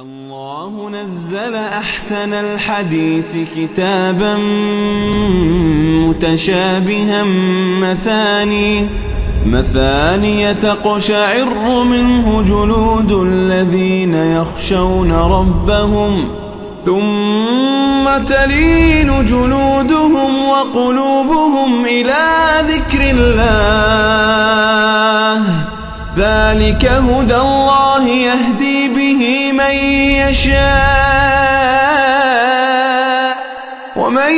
الله نزل أحسن الحديث كتابا متشابها مثاني مثاني تقشعر منه جلود الذين يخشون ربهم ثم تلين جلودهم وقلوبهم إلى ذكر الله ذلك هدى الله يهدي به من يشاء ومن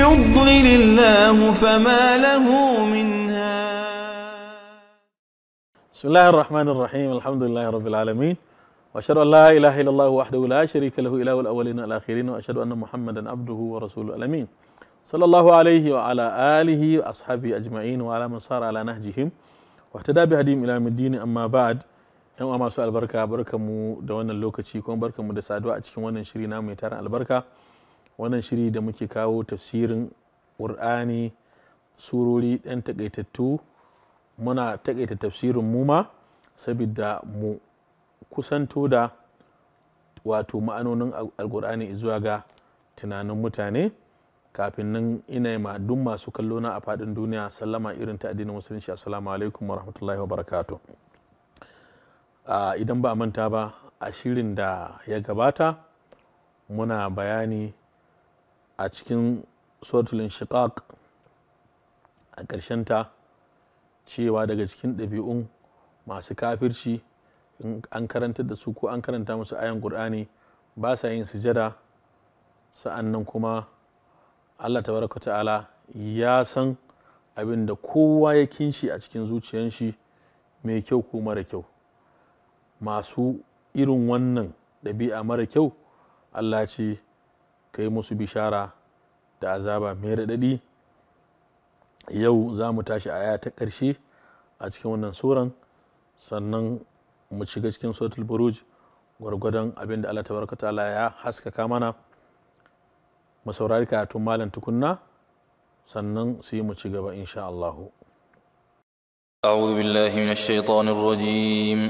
يضلل الله فما له من بسم الله الرحمن الرحيم الحمد لله رب العالمين وأشهد أن لا إله إلا الله وحده لا شريك له إله الأولين والآخرين وأشهد أن محمدا عبده ورسوله الأمين صلى الله عليه وعلى آله وأصحابه أجمعين وعلى من صار على نهجهم wata dabi hadim ila middini amma ba'ad yan uwa masu albarka barka mu da wannan lokaci kuma barka mu da saduwa a cikin wannan shiri na mai taron albarka wannan shiri da muke kawo tafsirin qur'ani surori ɗan takaitattu muna takaita tafsirin mu ma saboda mu kusanto da wato ma'anonin alkur'ani zuwa ga tunanin mutane kafin nan ina ma duk masu kallo na a faɗin duniya sallama irin ta addinin musulunci assalamu alaikum wa rahmatullahi wa barakatu idan ba manta ba a shirin da ya gabata muna bayani a cikin sotulin shiqaq a ta cewa daga cikin ɗabi'un masu kafirci an karanta da su ko an karanta musu ayan ƙur'ani ba sa yin sujada sa'an nan kuma allah Baraka ta'ala ya san abin da kowa ya kinshi a cikin zuciyanshi shi mai kyau ko mara kyau masu irin wannan ɗabi'a mara kyau allah ce ka yi musu bishara da azaba mai raɗaɗi yau za mu tashi aya ta ƙarshe a cikin wannan suran sannan mu shiga cikin suratul buruj gwargwadon abin da allah Baraka ta'ala ya haskaka mana mu saurari to malam tukunna sannan su yi mu ci gaba insha Allah أعوذ بالله من الشيطان الرجيم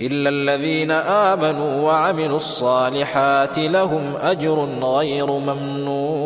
إلا الذين آمنوا وعملوا الصالحات لهم أجر غير ممنون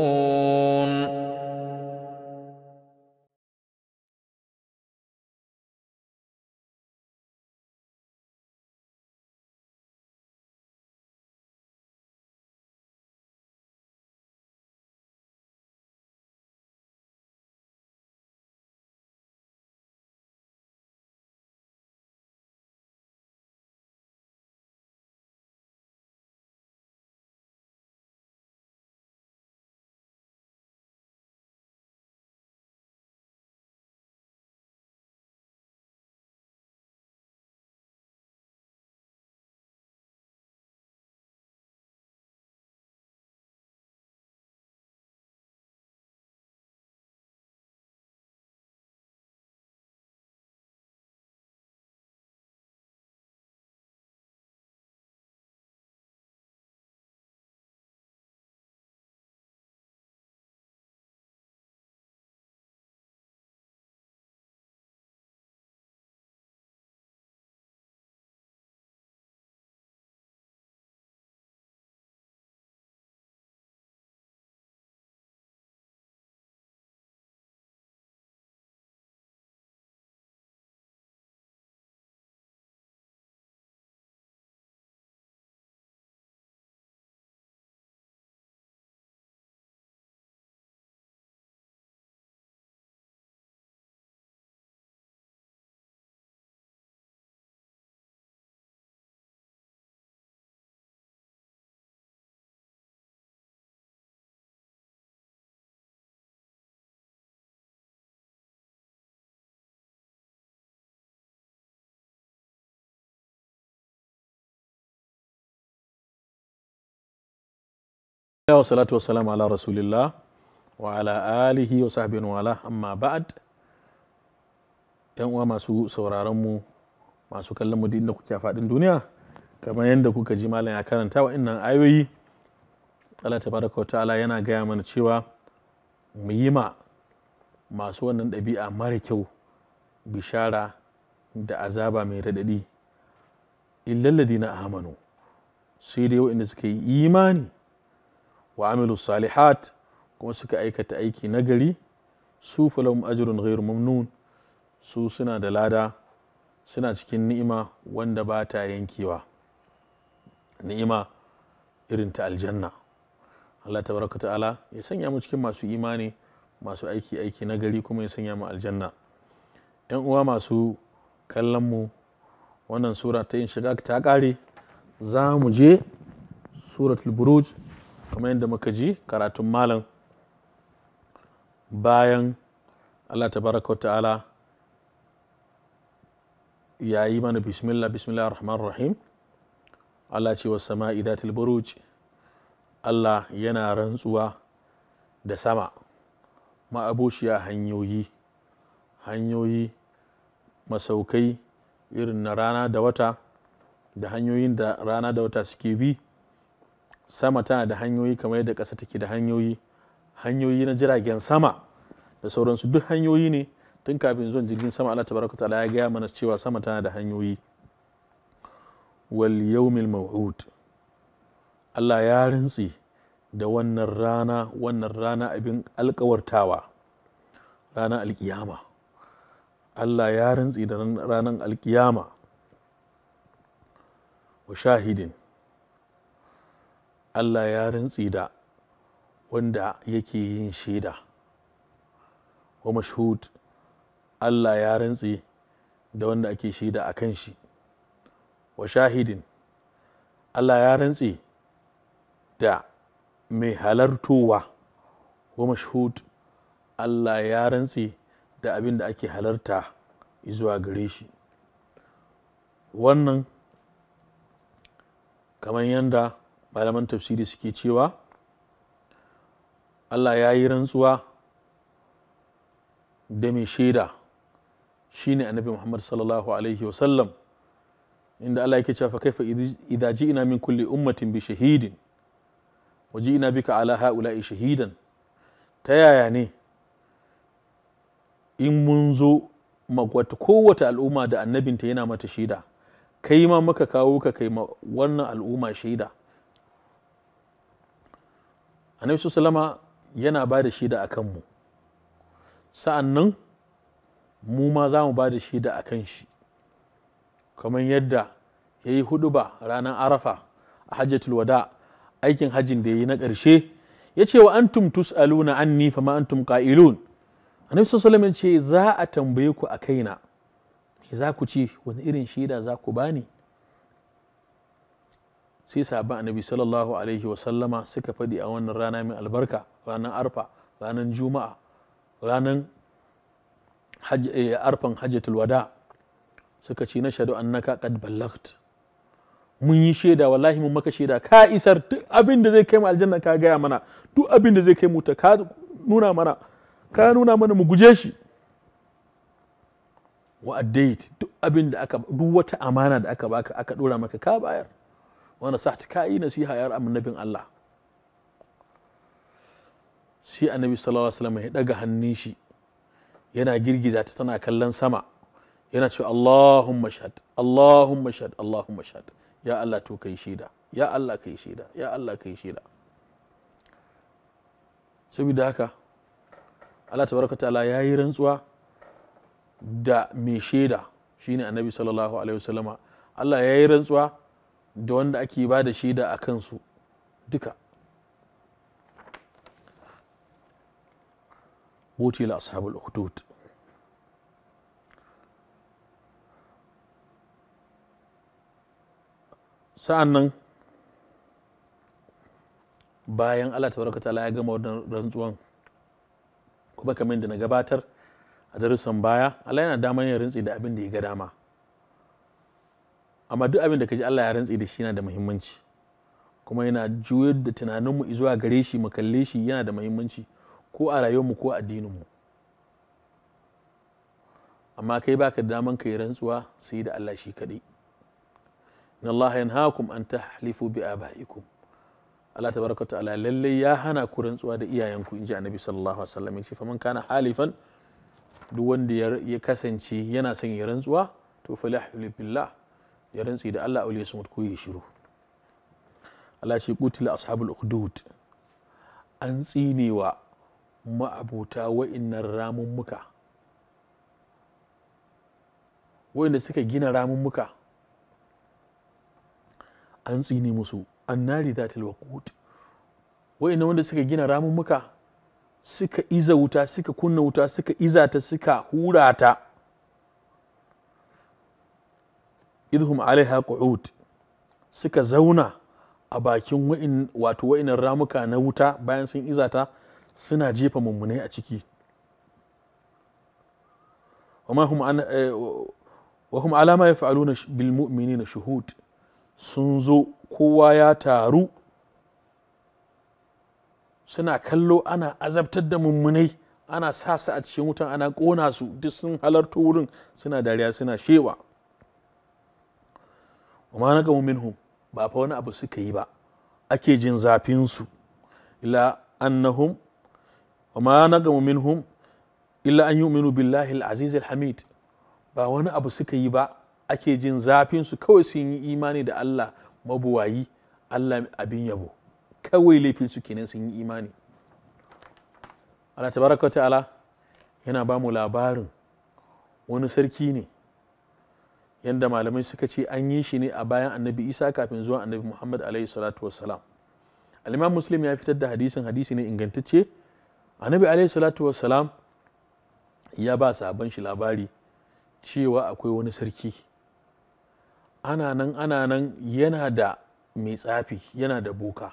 wa salatu salamu ala rasulillah wa ala alihi wa sahbihi wa amma ba'ad uwa masu sauraron mu masu kallon mu inda kuke faɗin duniya kamar yadda kuka ji malam ya karanta wa innan ayoyi Allah tabaraka wa ta'ala yana gaya mana cewa mu yi ma masu wannan ɗabi'a mara kyau bishara da azaba mai raɗaɗi na amanu sai dai waɗanda suka yi imani wa amilu salihat kuma suka aikata aiki nagari su falon ajirun ghairu mamnun su suna da lada suna cikin ni'ima wanda ba ta yankewa ni'ima irin ta aljanna Allah Ta baraka ta'ala ya sanya mu cikin masu imani masu aiki aiki nagari kuma ya sanya mu aljanna yan uwa masu kallon mu wannan sura ta yin shiga ta kare za mu je suratul buruj kamar yadda muka ji karatun malam bayan allah ta baraka ta'ala ya yi mana bismillah bismillah rahman rahim allah ce wasu sama idatil buruj allah yana rantsuwa da sama ma'aboshiya hanyoyi hanyoyi masaukai irin na rana da wata da hanyoyin da rana da wata suke bi sama tana da hanyoyi kamar yadda ƙasa take da hanyoyi hanyoyi na jiragen sama da sauransu duk hanyoyi ne tun kafin zuwan jirgin sama Allah tabaraka ta'ala ya gaya mana cewa sama tana da hanyoyi wal yawmil maw'ud Allah ya rintsi da wannan rana wannan rana abin alkawartawa ranar alkiyama Allah ya rintsi da ranar alkiyama wa shahidin Allah ya rintsi da wanda yake yin shaida wa mashhud Allah ya rantsi da wanda ake shaida a kan shi wa shahidin Allah ya rantsi da mai halartowa wa mashhud Allah ya rantsi da abin da ake halarta zuwa gare shi wannan kamar yadda malaman tafsiri suke cewa allah ya yi rantsuwa da mai shaida shine annabi muhammad sallallahu alaihi wasallam inda allah yake cewa kaifa idza min kulli ummatin bi shahidin wa ji'na bika ala ha'ula'i shahidan ta yaya ne in mun zo magwata kowace al'umma da annabinta yana mata shaida kai ma muka kawo ka kai wannan al'umma shaida annabi salama yana ba da shida a kanmu sa'an nan mu ma za mu ba da shida a kan shi kamar yadda ya yi ba ranar arafa a hajjatul wada aikin hajjin da ya yi na ƙarshe ya ce wa antum tus'aluna an nifa, ma antum ƙa’ilun annabi sallallahu salama ce za a tambaye ku a kaina za ku ci wani irin shida za ku bani sai sahabban annabi sallallahu alaihi wa wasallama suka faɗi a wannan rana mai albarka ranar arfa ranar juma'a ranar eh, arfan hajjatul wada suka ce na shaɗu annaka qad ballagt mun yi shaida wallahi mun maka shaida ka isar duk abin da zai kai mu aljanna ka gaya mana duk abin da zai kai mu ta ka nuna mana ka nuna mana mu guje shi wa duk abin da aka duk wata amana da aka baka aka dora maka ka bayar wani sa'ati ka yi nasiha yar annabin Allah sai annabi sallallahu alaihi wasallam ya daga hannun shi yana girgiza ta tana kallon sama yana cewa Allahumma shahad Allahumma shahad Allahumma shahad ya Allah to kai shaida ya Allah kai shaida ya Allah kai shaida saboda haka Allah tabaraka ta'ala ya yi rantsuwa da mai shaida shine annabi sallallahu alaihi wasallama Allah ya yi rantsuwa da wanda ake ba da shaida a kansu duka la أصحاب الأخدود sa'annan bayan Allah tabaraka ta'ala ya gama wannan rantsuwan kuma kamar da na gabatar a darussan baya Allah yana damar yin rintsi da abin da ya ga dama amma duk abin da ka ji Allah ya rantse da shi yana da muhimmanci kuma yana juyar da tunaninmu zuwa gare shi mu kalle shi yana da muhimmanci ko a mu ko a mu. amma kai baka da daman kai rantsuwa sai da Allah shi kaɗai in Allah yanhaakum an tahlifu bi abaikum Allah tabaraka ta'ala lalle ya hana ku rantsuwa da iyayenku inji annabi sallallahu alaihi wasallam yace man kana halifan duk wanda ya kasance yana son ya rantsuwa to falahu billah ya rantsi da Allah auliyar su mutu ko ya shiru Allah ce kutila ashabul ukhdud an tsinewa ma'abota wa'innan ramummuka wa'inda suka gina ramummuka an tsine musu An annari zatil waqut wa'inda wanda suka gina ramummuka suka iza wuta suka kunna wuta suka iza ta, suka hurata idhum alaiha qu'ud suka zauna a bakin wa'in wato wa'inan ramuka na wuta bayan sun izata suna jefa mummunai a ciki wa hum eh, alama ya fa'alu na bilmu'mini na shuhud sun zo kowa ya taru suna kallo ana azabtar da mummunai ana sa su a cikin wutan ana kona su duk sun halarta wurin suna dariya suna shewa ma na gamu minhum ba fa wani abu suka yi ba ake jin zafinsu illa annahum wa ma na gamu minhum illa an yu'minu billahi al-aziz hamid ba wani abu suka yi ba ake jin zafinsu kawai sun yi imani da Allah mabuwayi Allah abin yabo kawai laifin su kenan sun yi imani Allah tabaraka ta'ala yana ba mu labarin wani sarki ne yadda malamai suka ce an yi shi ne a bayan annabi isa kafin zuwa annabi muhammad alaihi salatu wasalam al'imam muslim ya fitar da hadisin hadisi ne ingantacce annabi alaihi salatu wasalam ya ba sabon shi labari cewa akwai wani sarki ana nan ana nan yana da mai tsafi yana da boka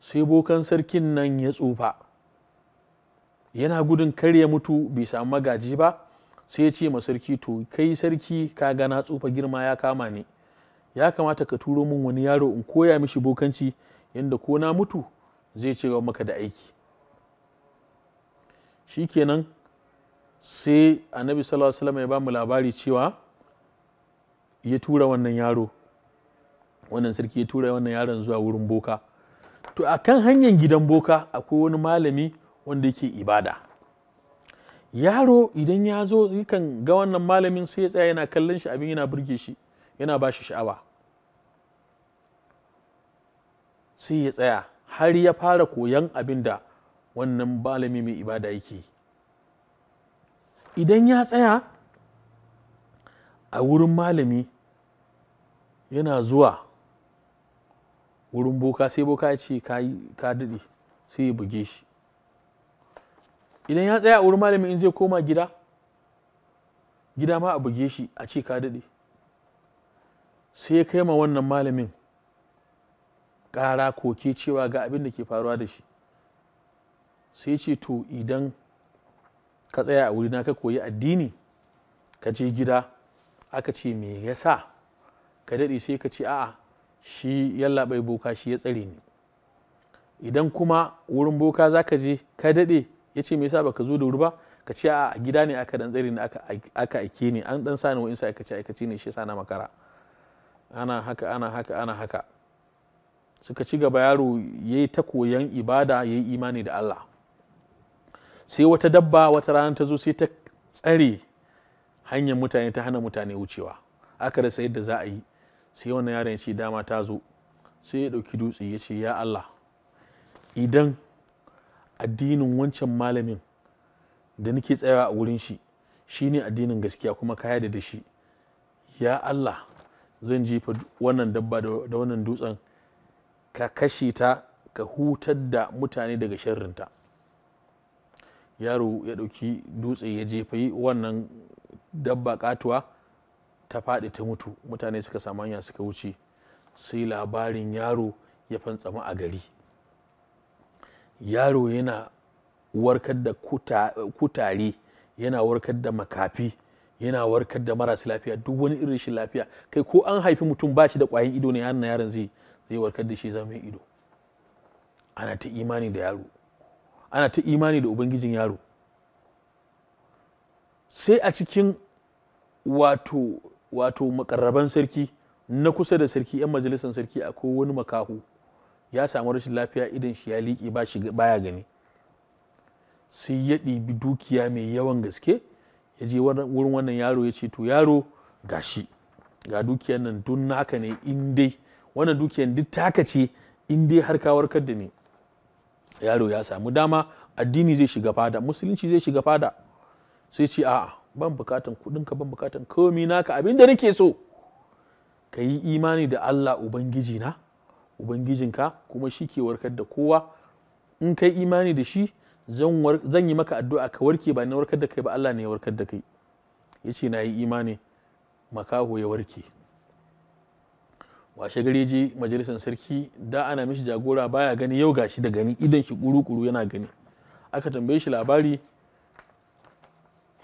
sai bokan sarkin nan ya tsufa yana gudun kar ya mutu bai samu magaji ba sai ya ce ma sarki to kai sarki ka gana na tsufa girma ya kama ni ya kamata ka turo min wani yaro in koya mishi bokanci yadda ko na mutu zai ce maka da aiki shikenan sai annabi sallallahu alaihi ya ba mu labari cewa ya tura wannan yaro wannan sarki ya tura wannan yaron zuwa wurin boka to a kan hanyar gidan boka akwai wani malami wanda yake ibada yaro idan ya zo yakan ga wannan malamin sai ya tsaya yana kallon shi abin yana burge shi yana ba shi sha'awa sai ya tsaya har ya fara koyan abin da wannan malami mai ibada yake idan ya tsaya a wurin malami yana zuwa wurin boka sai boka ya ce ka daɗe sai ya buge shi idan ya tsaya a wurin malamin in zai koma gida gida ma a buge shi a ce ka daɗe sai ya kai ma wannan malamin ƙara koke cewa ga abin da ke faruwa da shi sai ce to idan ka tsaya a wuri na ka koyi addini ka je gida aka ce me yasa ka daɗe sai ka ce a'a shi bai boka shi ya tsare ni idan kuma wurin boka za ka je ka daɗe ya ce me yasa baka zo da wuri ba ka ce a gida ne aka dan tsari ne aka aike ni an dan sani wa'insu aikace aikace ne shi yasa na makara ana haka ana haka ana haka suka ci gaba yaro ya yi ta koyan ibada ya yi imani da Allah sai wata dabba wata rana ta zo sai ta tsare hanyar mutane ta hana mutane wucewa aka rasa yadda za a yi sai wannan yaron ya dama ta zo sai ya dauki dutse ya ce ya Allah idan addinin wancan malamin da nake tsayawa a wurin shi shi ne addinin gaskiya kuma kaya da shi ya Allah zan jefa wannan dabba da wannan dutsen ka kashe ta ka hutar da mutane daga sharrinta yaro ya ɗauki dutse ya jefa wannan dabba katuwa ta faɗi ta mutu mutane suka samu hanya suka wuce sai labarin yaro ya fantsama a gari yaro yana warkar da kutare yana warkar da makafi yana warkar da marasa lafiya duk wani irin shi lafiya kai ko an haifi mutum ba shi da kwayan ido ne yaron yaron zai zai warkar da shi zama mai ido ana ta imani da yaro ana ta imani da ubangijin yaro sai a cikin wato wato makarraban sarki na kusa da sarki 'yan majalisar sarki akwai wani makaho ya samu rashin lafiya idan shi ya liƙe ba shi baya gani sai ya ɗibi dukiya mai yawan gaske ya je wurin wannan yaro ya ce to yaro ga shi ga dukiyar nan dun haka ne in dai wannan dukiyar duk taka ce in dai har ka warkar da ni yaro ya samu dama addini zai shiga fada musulunci zai shiga fada sai ce a'a ban bukatan ka ban bukatan komi naka abin da nake so ka yi imani da Allah Ubangiji na ubangijinka kuma shi ke warkar da kowa in kai imani da shi zan yi maka addu'a ka warke ba na warkar da kai ba Allah ne ya warkar da kai ya ce na yi imani makaho ya warke washe gari je majalisar sarki da ana mishi jagora baya gani yau gashi da gani idan shi kuru-kuru yana gani aka tambaye shi labari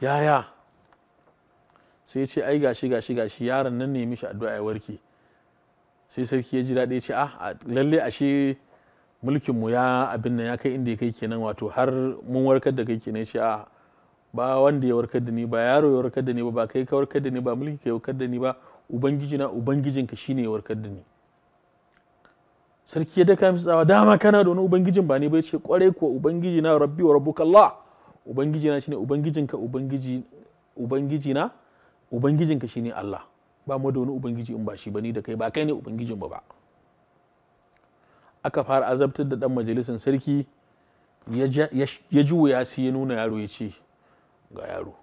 yaya sai ya ce ai gashi gashi gashi yaron nan ne mishi addu'a ya warke sai sarki ya ji daɗi ce ah lalle ashe mulkin mu ya abin nan ya kai inda ya kai kenan wato har mun warkar da kai kenan ce a ah, ba wanda ya warkar da ni ba yaro ya warkar da ni ba ba kai ka warkar da ni ba mulki ka warkar da ni ba ubangiji na ka shine ya warkar da ni sarki ya daka masa tsawa dama kana da wani ubangijin ba ne bai ce kwarai kuwa ubangiji na rabbi wa rabbuka Allah ubangiji na shine ubangijinka ubangiji ubangiji na ubangijinka shine Allah ba mu da wani ubangiji in ba shi bane da kai ba kai ne ubangijin mu ba aka fara azabtar da dan majalisar sarki ya ji wuya sai ya nuna yaro ya ce ga yaro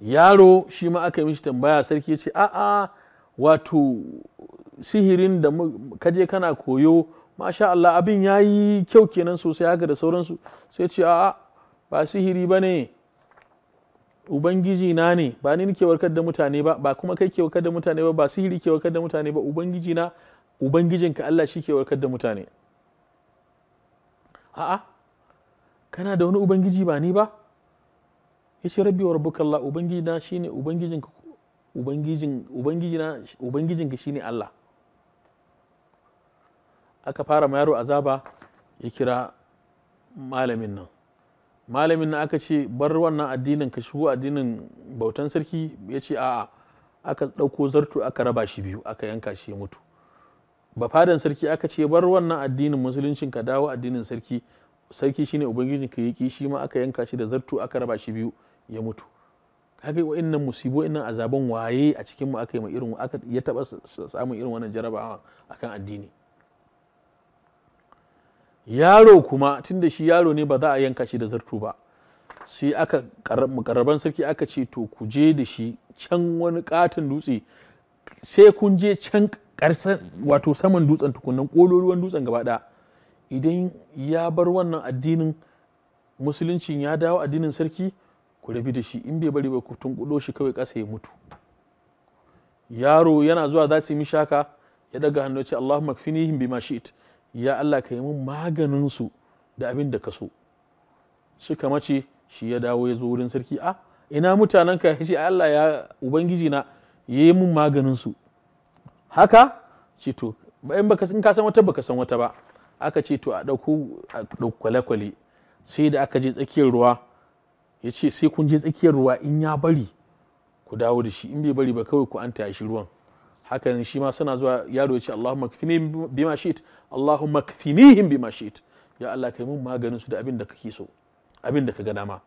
yaro shi ma aka yi mishi tambaya sarki ya ce a'a wato sihirin da kaje kana koyo masha Allah abin ya yi kyau kenan sosai haka da sauransu sai ce a'a ba sihiri ba ne ubangiji na ne ba ni nake warkar da mutane ba ba kuma kai ke warkar da mutane ba ba sihiri ke warkar da mutane ba ubangiji na ubangijinka Allah shi ke warkar da mutane a'a kana da wani ubangiji ba ni ba Ya ce rabbi wa rabbuka Allah ubangiji na shine ubangijinka ubangijin ubangiji na ubangijinka shine Allah aka fara ma yaro azaba ya kira malamin nan malamin na aka ce bar wannan addinin ka shigo addinin bautan sarki ya ce a'a aka ɗauko zartu aka raba shi biyu aka yanka shi ya mutu ba fadan sarki aka ce bar wannan addinin musuluncin ka dawo addinin sarki sarki shine ubangijin ka yaki shi ma aka yanka shi da zartu aka raba shi biyu ya mutu kaga wa'annan musibo innan azaban waye a cikin mu aka yi irin aka ya taɓa samun irin wannan jarabawa akan addini yaro kuma tun da shi yaro ne ba za a yanka shi da zarto ba sai aka karaban sarki aka ce to ku je da shi can wani katin dutse sai kun je can karsan wato saman dutsen tukunan kololuwan dutsen gaba idan ya bar wannan addinin musuluncin ya dawo addinin sarki ku rabi da shi in bai bari ba ku tunkudo shi kawai kasa ya mutu yaro yana zuwa za su yi mishaka haka ya daga hannu ce Allahumma ma bima shi'it ya Allah ka yi maganin su da abin da ka so suka mace shi ya dawo ya zo wurin sarki a ah, ina mutanen ka ya Allah ya ubangiji na ya yi maganin su. haka ce to in baka ka san wata baka san wata ba aka ce to a ɗauko a kwale-kwale sai da aka je tsakiyar ruwa ya ce sai kun je tsakiyar ruwa in ya bari ku dawo da shi in bai bari ba kawai ku an tashi ruwan hakan shi ma suna zuwa yaro ya ce Allahumma kfini bima shit Allahumma kfinihim bima shit ya Allah kai mun maganin su da abin da kake so abin da ka ga dama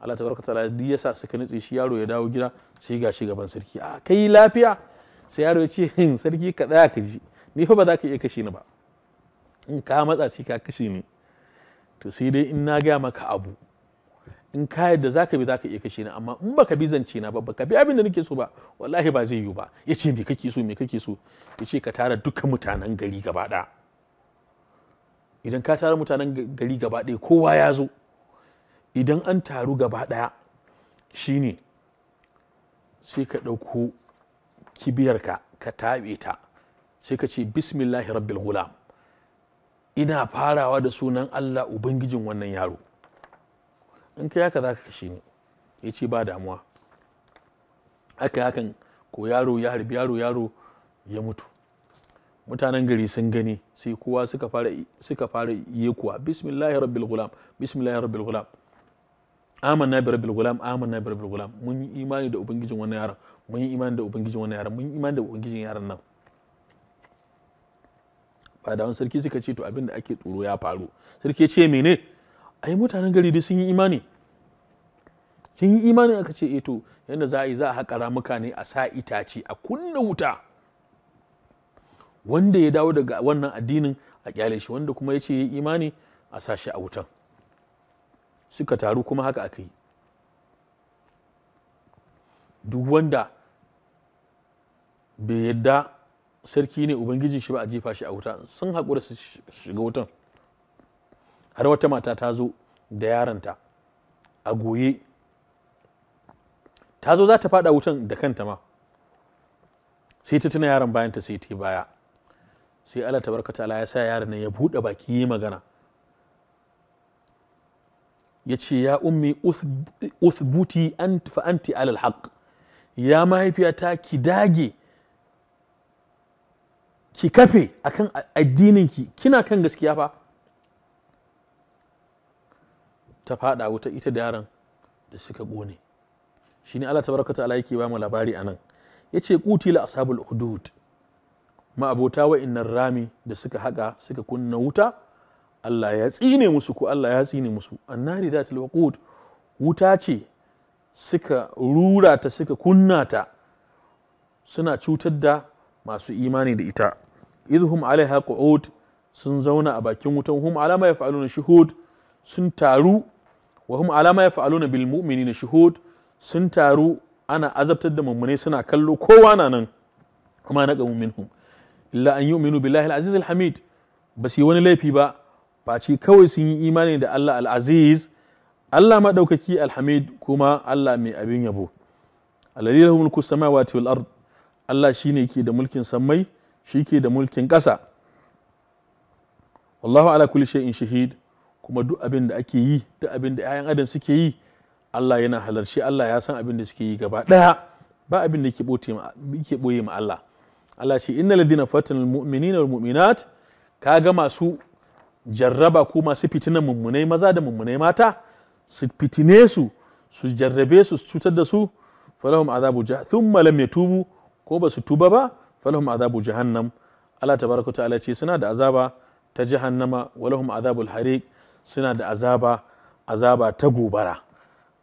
Allah ta barka ta'ala duk yasa suka nutse shi yaro ya dawo gida sai ga shi gaban sarki a kai lafiya sai yaro ya ce hmm, sarki ka tsaya ka ji ni fa ba za ka iya kashe ni ba in ka matsa sai ka kashe ni to sai dai in na gaya maka abu in ka yadda zaka bi zaka iya kashe ni amma in baka bi zance na ba baka bi abin da nake so ba wallahi ba zai yiwu ba yace me kake so me kake so yace ka tara dukkan mutanen gari gaba idan ka tara mutanen gari gaba ɗaya kowa ya zo idan an taru gaba ɗaya shine sai ka ɗauko kibiyarka ka taɓe ta sai ka ce bismillahi rabbil ina farawa da sunan allah ubangijin wannan yaro in kai haka za ka kashe ni ya ce ba damuwa aka hakan ko yaro ya harbi yaro yaro ya mutu mutanen gari sun gani sai kowa suka fara suka kuwa yekuwa bismillahir rabbil gulam bismillahir rabbil gulam amanna bi rabbil gulam amanna bi rabbil gulam mun yi imani da ubangijin wannan yaron mun yi imani da ubangijin wannan yaron mun yi imani da ubangijin yaron nan ba da wani sarki suka ce to abin da ake tsoro ya faru sarki ce mene ai mutanen gari dai sun yi imani sun yi imani aka ce eto eh yadda za a yi za a haƙa ramuka ne a sa itace a kunna wuta wanda ya dawo daga wannan addinin a kyale shi wanda kuma ya ce ya yi imani a sa shi a wutan suka taru kuma haka aka yi duk wanda bai yadda sarki ne ubangijin shi ba a jefa shi a wuta sun haƙura su shiga wutan har wata mata ta zo da yaronta a goye ta zo za ta fada wutan da kanta ma sai ta tuna yaron bayanta sai ta baya sai Allah tabaraka ta'ala ya sa yaron ya buɗe baki yi magana ya ce ya ummi uthbuti fa anti alal haq ya mahaifiyata ki dage ki kafe akan addininki kina kan gaskiya fa ta fada wuta ita da yaran da suka ƙone shine Allah tabaraka ta'ala yake ba mu labari anan yace qutila ashabul hudud ma'abota wa'innan rami da suka haƙa suka kunna wuta Allah ya tsine musu ko Allah ya tsine musu annari zatil waqud wuta ce suka rura ta suka kunna ta suna cutar da masu imani da ita idhum alaiha qu'ud sun zauna a bakin wutan hum alama yaf'aluna shuhud sun taru wa hum alama ya fa'aluna bil mu'minina shuhud sun taru ana azabtar da mummune suna kallo kowa na nan kuma na qamu minhum illa an yu'minu billahi al-aziz al ba su yi wani laifi ba face kawai sun yi imani da Allah alaziz Allah madaukaki al-hamid kuma Allah mai abin yabo alladhi lahu mulku samawati wal ard Allah shine ke da mulkin sammai shi ke da mulkin ƙasa wallahu ala kulli shay'in shahid kuma duk abin da ake yi duk abin da 'ya'yan adam suke yi Allah yana halarci Allah ya san abin da suke yi gaba ɗaya ba abin da ɓoye ma Allah Allah ce inna ladina fatanal mu'minina wal mu'minat kaga masu jarraba ko masu fitinan mummunai maza da mummunai mata su fitine su su jarrabe su cutar da su falahum azabu jahannam thumma lam yatubu ko ba su tuba ba falahum azabu jahannam Allah tabaraka ta'ala ce suna da azaba ta jahannama walahum azabul hariq suna da azaba azaba ta gobara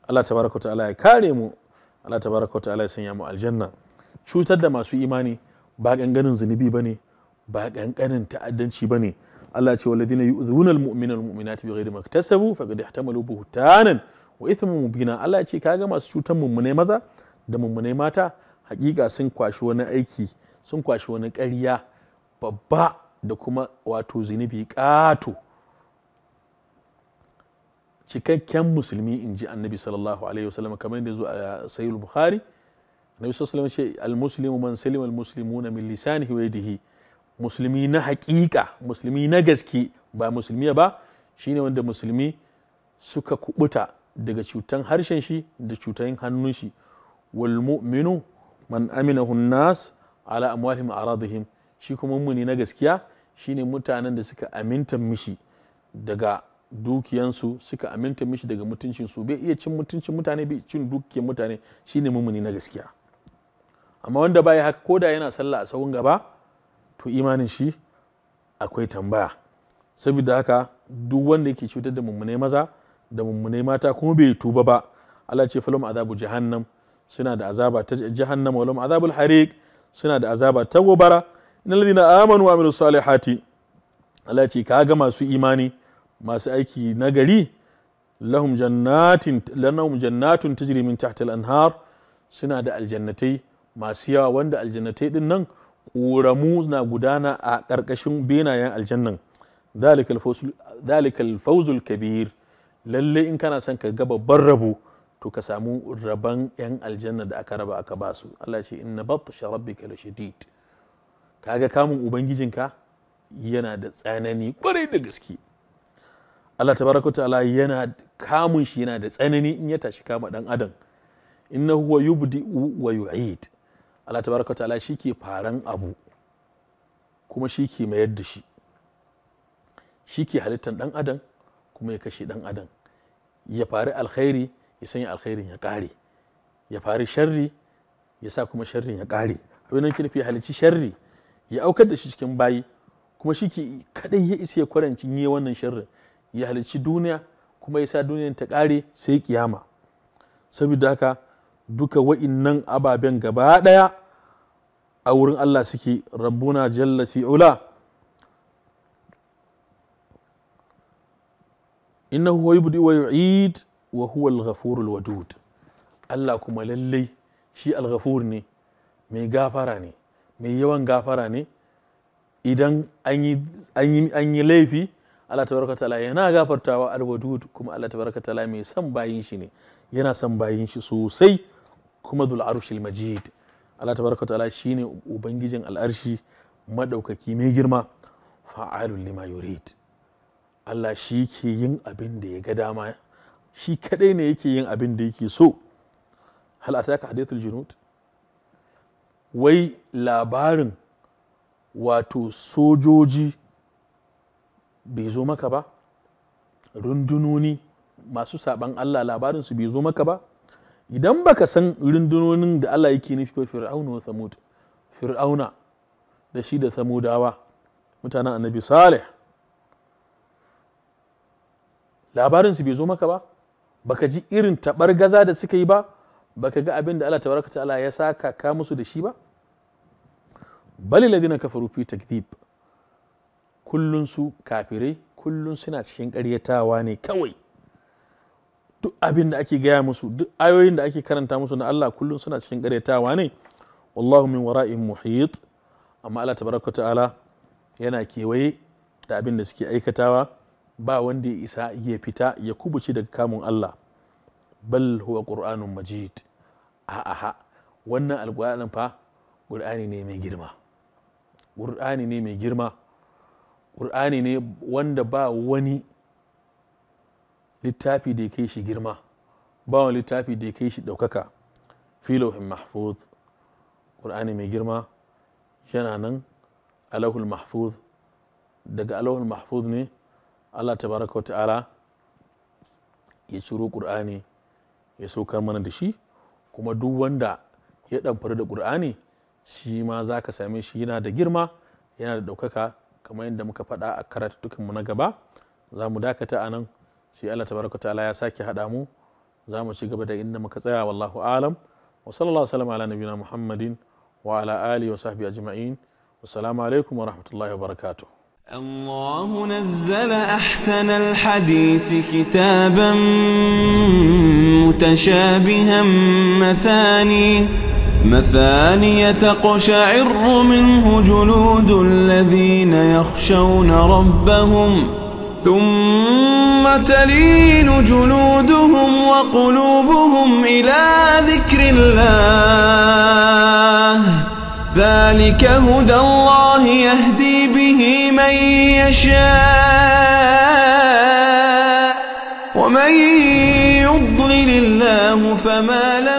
Allah tabaraka ta'ala ya kare mu Allah tabaraka ta'ala ya sanya mu aljanna cutar da masu imani ba ganganin zunubi bane ba ganganin ta'addanci bane Allah ce ladina yu'dhuna almu'mina almu'minati bighairi maktasabu faqad ihtamalu buhtanan wa ithman mubina Allah ce kaga masu cutar mummune maza da mummune mata hakika sun kwashi wani aiki sun kwashi wani ƙarya babba da kuma wato zunubi ƙato cikakken musulmi in ji annabi sallallahu alaihi wasallam kamar yadda zo a sahihul bukhari annabi sallallahu alaihi wasallam al muslimu man salim, al min lisanihi wa yadihi musulmi na haƙiƙa musulmi na gaske ba musulmiya ba shine wanda musulmi suka kubuta daga cutan harshen shi da cutan hannun shi wal mu'minu man aminahu nas ala amwalihim aradihim shi kuma muni na gaskiya shine mutanen da suka aminta mishi daga dukiyansu suka aminta mishi daga mutuncinsu bai iya cin mutuncin mutane bai cin dukiyar mutane shine mumuni na gaskiya amma wanda baya haka ko da yana sallah a sahun gaba to imanin shi akwai tambaya saboda haka duk wanda yake cutar da mummunai maza da mummunai mata kuma bai tuba ba Allah ce falam azabu jahannam suna da azaba ta jahannam walam azabul hariq suna da azaba ta gobara innal ladina amanu wa amilus salihati Allah ce ka ga masu imani masu aiki nagari, gari lahum jannatin tajri min tahta al-anhar suna da aljannatai masu yawa wanda aljannatai din nan ƙoramu na gudana a ƙarƙashin benayen aljannan dalikal fauzul kabir lalle in kana son ka gaba babban rabo to ka samu rabon 'yan aljanna da aka raba aka ba su Allah ce in na inna batsha rabbika Ka ga kamun ubangijinka yana da tsanani kwarai da gaske Allah tabaraka ta'ala yana kamun shi yana da tsanani in ya tashi kama dan adam inna huwa yubdi wa yu'id Allah tabaraka ta'ala ke faran abu kuma shi ke mayar da shi shi ke halittar dan adam kuma ya kashe dan adam ya fari alkhairi ya sanya alkhairin ya kare ya fari sharri ya sa kuma sharrin ya kare abin da nufi halicci sharri ya aukar da shi cikin bayi kuma shi ke kadai ya isa ya kwarancin yi wannan sharrin ya halici duniya kuma ya sa duniyan ta ƙare sai kiyama saboda haka duka wa'innan ababen gaba ɗaya a wurin Allah suke rabbuna jalla ula inna huwa yubdi wa yu'id wa huwa al al wadud Allah kuma lallai shi al-ghafur ne mai gafara ne mai yawan gafara ne idan an yi laifi Allah tabaraka ta'ala yana gafartawa alwadud kuma Allah tabaraka ta'ala mai son bayin shi ne yana son bayin shi sosai kuma zul arshil majid Allah tabaraka ta'ala shine ubangijin al'arshi madaukaki mai girma fa'alul lima yurid Allah shi ke yin abin da ya ga dama shi kadai ne yake yin abin da yake so hal ataka hadithul junud wai labarin wato sojoji bai zo maka ba rundunoni masu saban Allah labarinsu bai zo maka ba idan baka san rundunonin da Allah yake nufi ba fir'auna wa samud fir'auna da shi da samudawa mutanen annabi salih labarinsu bai zo maka ba baka ji irin tabar gaza da suka yi ba baka ga abin da Allah ta Allah ya saka ka musu da shi ba bali ladina kafaru fi takdhib kullun su kafirai kullun suna cikin ƙaryatawa ne kawai duk abin da ake gaya musu duk ayoyin da ake karanta musu na Allah kullun suna cikin ƙaryatawa ne wallahu min wara'in muhit amma Allah tabaraka ta'ala yana kewaye da abin da suke aikatawa ba wanda ya isa ya fita ya kubuci daga kamun Allah bal huwa qur'anun majid a'a wannan alqur'anin fa qur'ani ne mai girma qur'ani ne mai girma ƙur'ani ne wanda ba wani littafi da ya kai shi girma ba wani littafi da ya kai shi ɗaukaka filohin mahfuz ƙur'ani mai girma yana nan alahul mahfuz daga alahul mahfuz ne allah tabaraka ta'ala ya ciro ƙur'ani ya saukar mana da shi kuma duk wanda ya ɗamfari da ƙur'ani shi ma za ka same shi yana da girma yana da ɗaukaka kamar yadda muka faɗa a mu na gaba za mu dakata a nan shi Allah tabaraka ta'ala ya sake haɗa mu za mu ci gaba da inda muka tsaya wallahu alam wa sallallahu alaihi ala muhammadin wa ala alihi wa sahbihi ajma'in wassalamu alaikum wa rahmatullahi wa barakatuh الله نزل أحسن الحديث كتابا متشابها مثاني مثاني تقشعر منه جلود الذين يخشون ربهم ثم تلين جلودهم وقلوبهم إلى ذكر الله ذلك هدى الله يهدي به من يشاء ومن يضلل الله فما له